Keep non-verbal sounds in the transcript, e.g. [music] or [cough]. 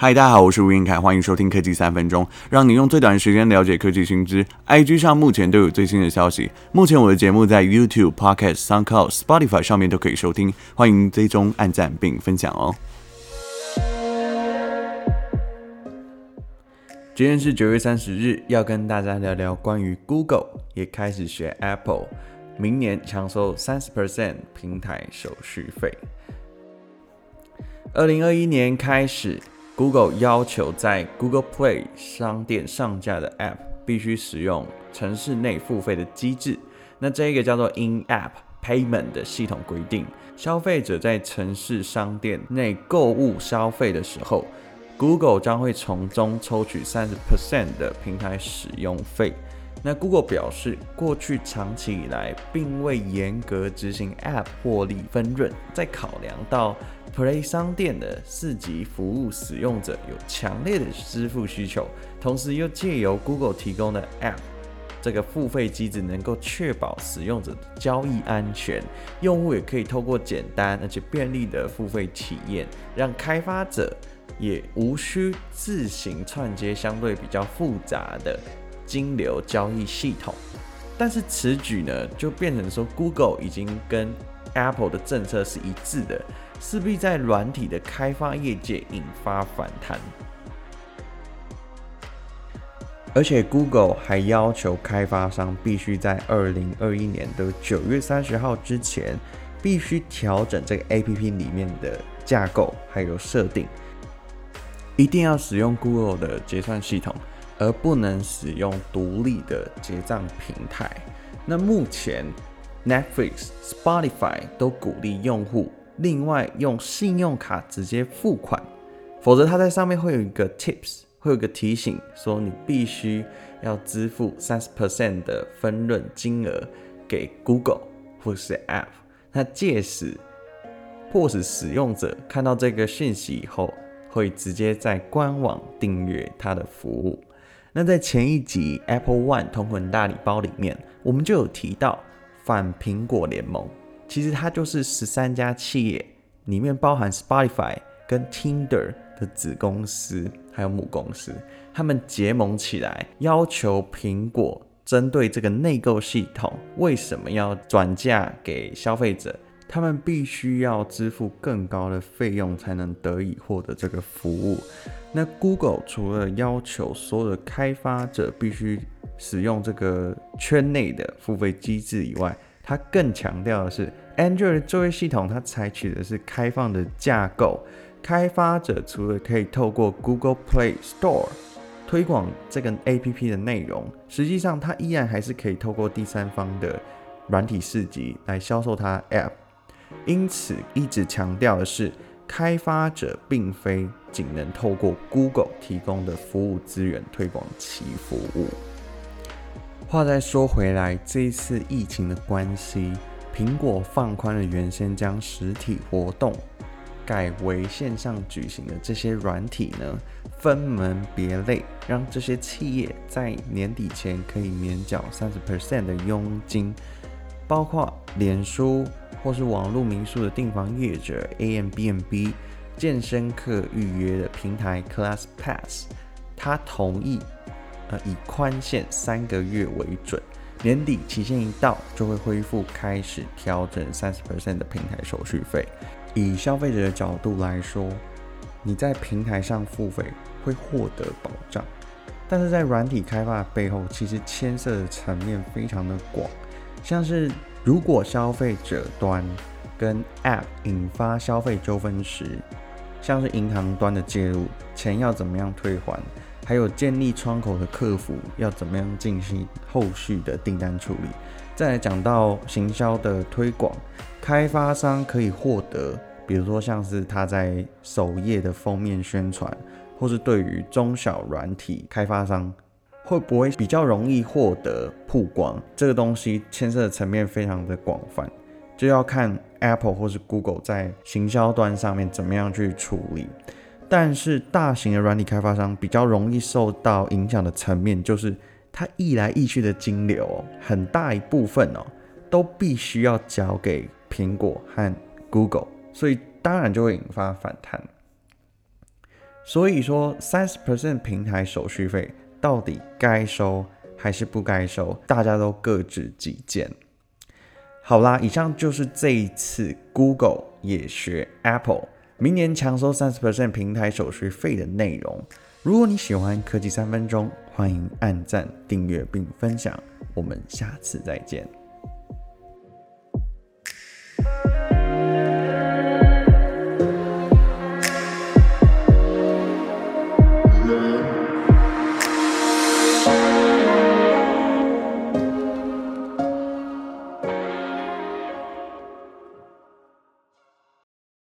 嗨，Hi, 大家好，我是吳雲凱，歡迎收聽科技三分鐘，讓你用最短的時間了解科技新知。IG 上目前都有最新的消息。目前我的節目在 YouTube、p o d c a s t SoundCloud、Spotify 上面都可以收聽，歡迎追蹤、按讚並分享哦。今天是九月三十日，要跟大家聊聊關於 Google 也開始學 Apple，明年強收三十 percent 平台手續費。二零二一年開始。Google 要求在 Google Play 商店上架的 App 必須使用程式內付費的機制，那這一個叫做 In App Payment 的系統規定，消費者在程式商店內購物消費的時候，Google 將會從中抽取三十 percent 的平台使用費。那 Google 表示，過去長期以來並未嚴格執行 App 獲利分潤，再考量到 Play 商店的四級服務使用者有強烈的支付需求，同時又借由 Google 提供的 App 這個付費機制，能夠確保使用者的交易安全，用戶也可以透過簡單而且便利的付費體驗，讓開發者也無需自行串接相對比較複雜的，金流交易系統，但是此舉呢，就變成說，Google 已經跟 Apple 的政策是一致的，勢必在軟體的開發業界引發反彈。而且 Google 還要求開發商必須在二零二一年的九月三十號之前，必須調整這個 APP 裡面的架構還有設定，一定要使用 Google 的結算系統。而不能使用獨立的結賬平台。那目前，Netflix、Spotify 都鼓勵用戶另外用信用卡直接付款，否則他在上面會有一個 tips，會有個提醒說，你必須要支付三十 percent 的分潤金額給 Google 或是 App。那屆時迫使使用者看到這個訊息以後，會直接在官網訂閱他的服務。那在前一集 Apple One 同捆大禮包裡面，我們就有提到反蘋果聯盟，其實它就是十三家企業，裡面包含 Spotify 跟 Tinder 的子公司還有母公司，他們結盟起來要求蘋果針對這個內購系統，為什麼要轉嫁給消費者？他們必須要支付更高的費用才能得以獲得這個服務。那 Google 除了要求所有的開發者必須使用這個圈內的付費機制以外，它更強調的是 Android 作業系統它採取的是開放的架構。開發者除了可以透過 Google Play Store 推廣這個 APP 的內容，實際上它依然還是可以透過第三方的軟體市集來銷售它 APP。因此，一直強調的是，開發者並非僅能透過 Google 提供的服務資源推廣其服務。話再說回來，這一次疫情的關係，蘋果放寬了原先將實體活動改為線上舉行的這些軟體呢，分門別類，讓這些企業在年底前可以免繳三十%的佣金，包括臉書，或是網絡民宿的訂房業者 （Airbnb）、健身課預約的平台 （Class Pass），他同意呃以寬限三個月為準，年底期限一到就會恢復開始調整三十 percent 的平台手續費。以消費者的角度來說，你在平台上付費會獲得保障，但是在軟體開發的背後其實牽涉的層面非常的廣，像是。如果消費者端跟 App 引發消費糾紛時，像是銀行端的介入，錢要怎麼樣退還，還有建立窗口的客服要怎麼樣進行後續的訂單處理。再來講到行銷的推廣，開發商可以獲得，比如說像是他在首頁的封面宣傳，或是對於中小軟體開發商。會不會比較容易獲得曝光？這個東西牽涉的層面非常的廣泛，就要看 Apple 或是 Google 在行銷端上面怎麼樣去處理。但是大型的軟體開發商比較容易受到影響的層面，就是它一來一去的金流喔，很大一部分哦喔，都必須要交給蘋果和 Google，所以當然就會引發反彈。所以說，三十 percent 平台手續費。到底該收還是不該收？大家都各執己見。好啦，以上就是這一次 Google 也學 Apple，明年強收三十 percent 平台手續費的內容。如果你喜歡科技三分鐘，歡迎按讚、訂閱並分享。我們下次再見。 [music]